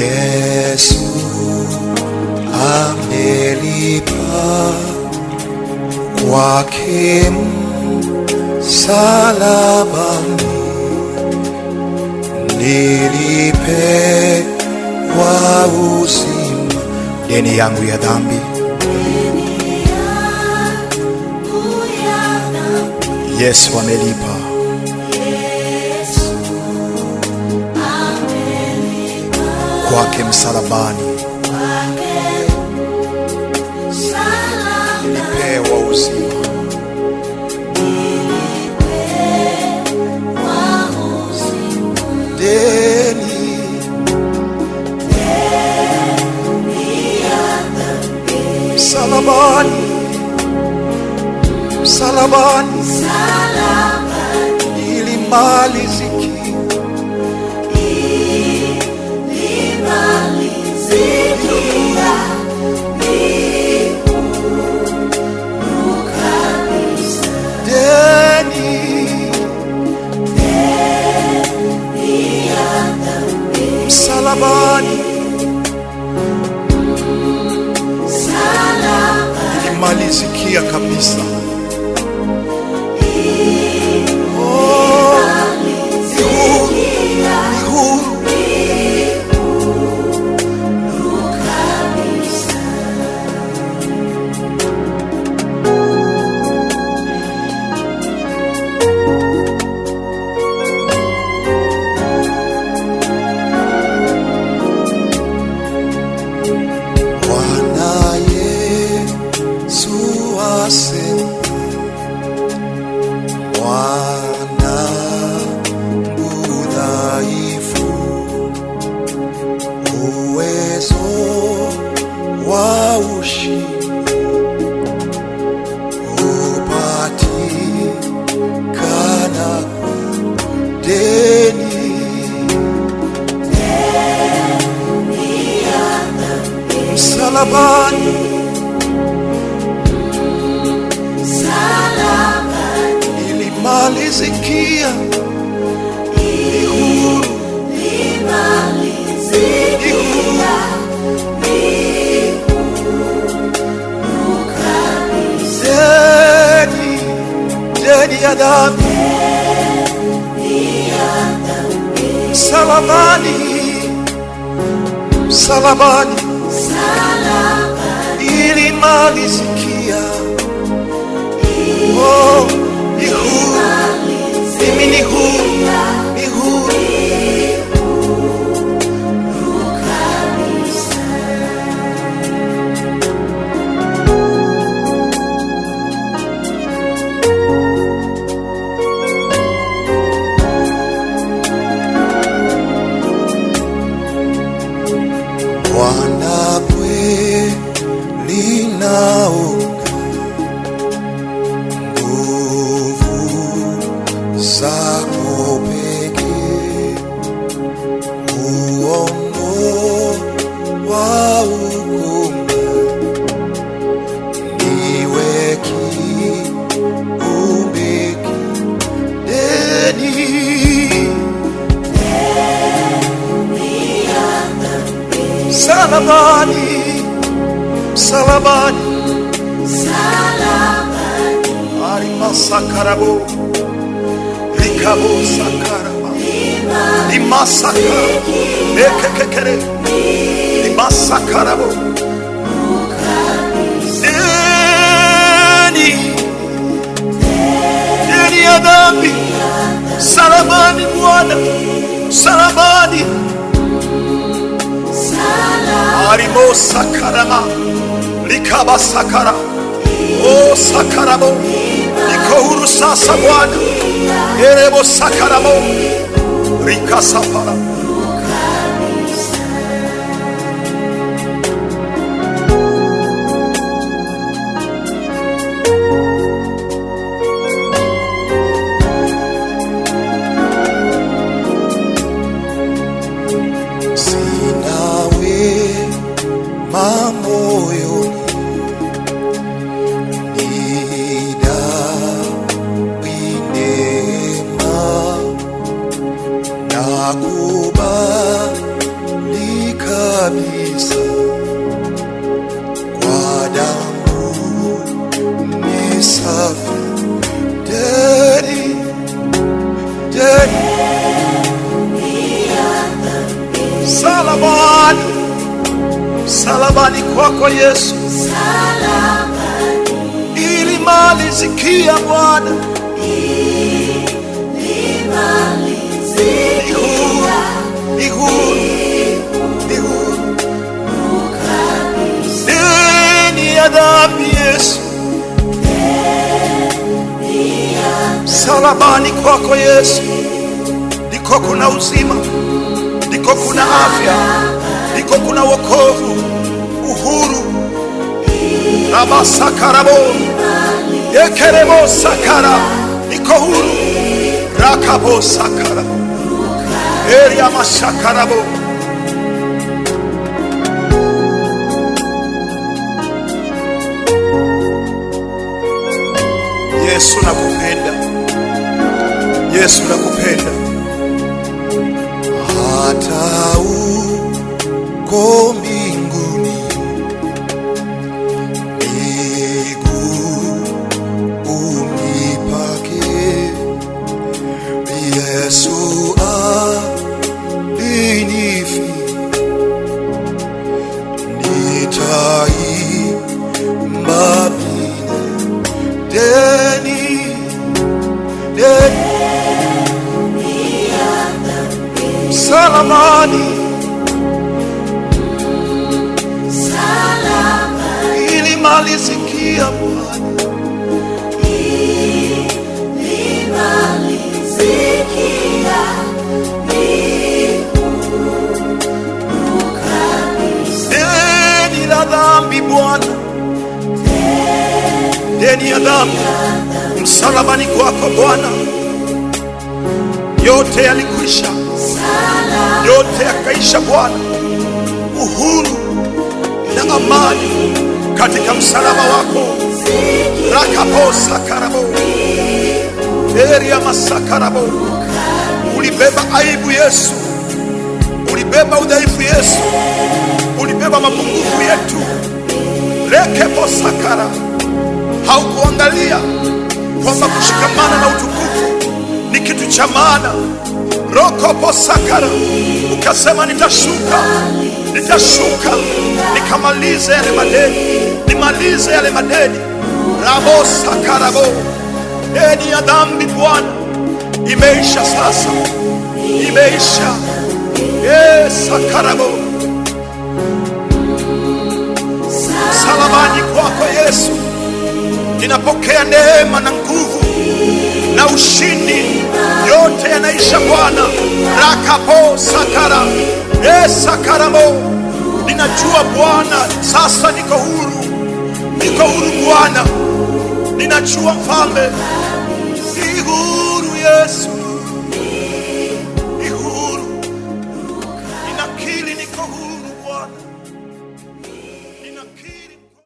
Yesu amelipa kwake msalabani, nilipewa uzima, deni yangu ya dhambi. Yesu amelipa kwake msalabani, nilipewa uzima. Msalabani, msalabani, ili malizi Salabani. salapan Salapan Ilimali zikia Ihuru Ilimali zikia Zedi Zedi Adam Zedi Adam Salabani Salabani males Salabani, salabani, salabani, arima sakarabo, likabo sakaraba, lima sakara, ekekekere, lima sakarabo, deni, deni ya dhambi, salabani salabani arimo sakarama likaba sakara o sakaramo niko Bwana erebo sakaramo likasapara kwako Yesu, ili malizikia Bwana deni ya dhambi Yesu, salabani kwako Yesu, ndiko kuna uzima, ndiko kuna afya, ndiko kuna wokovu uhuru abasakarabo yekerebo sakara niko huru rakabo sakara eri amasakarabo Yesu nakupenda, Yesu nakupenda hata uko Bwana yote yalikwisha, yote yakaisha Bwana. Uhuru na amani katika msalaba wako eri ya masakarabo. Ulibeba aibu Yesu, ulibeba udhaifu Yesu, ulibeba mapungufu yetu rekebosakara. Haukuangalia kwamba kushikamana na utukufu ni kitu cha maana. rokopo sakara, ukasema nitashuka, nitashuka nikamalize yale madeni, nimalize yale madeni. rabo sakarabo, deni ya dhambi Bwana imeisha sasa, imeisha e sakarabo, salamani kwako Yesu ninapokea neema na nguvu na ushindi, yote yanaisha Bwana. rakapo sakara e sakaramo, ninajua Bwana, sasa niko huru, niko huru Bwana, ninajua mfalme, si huru Yesu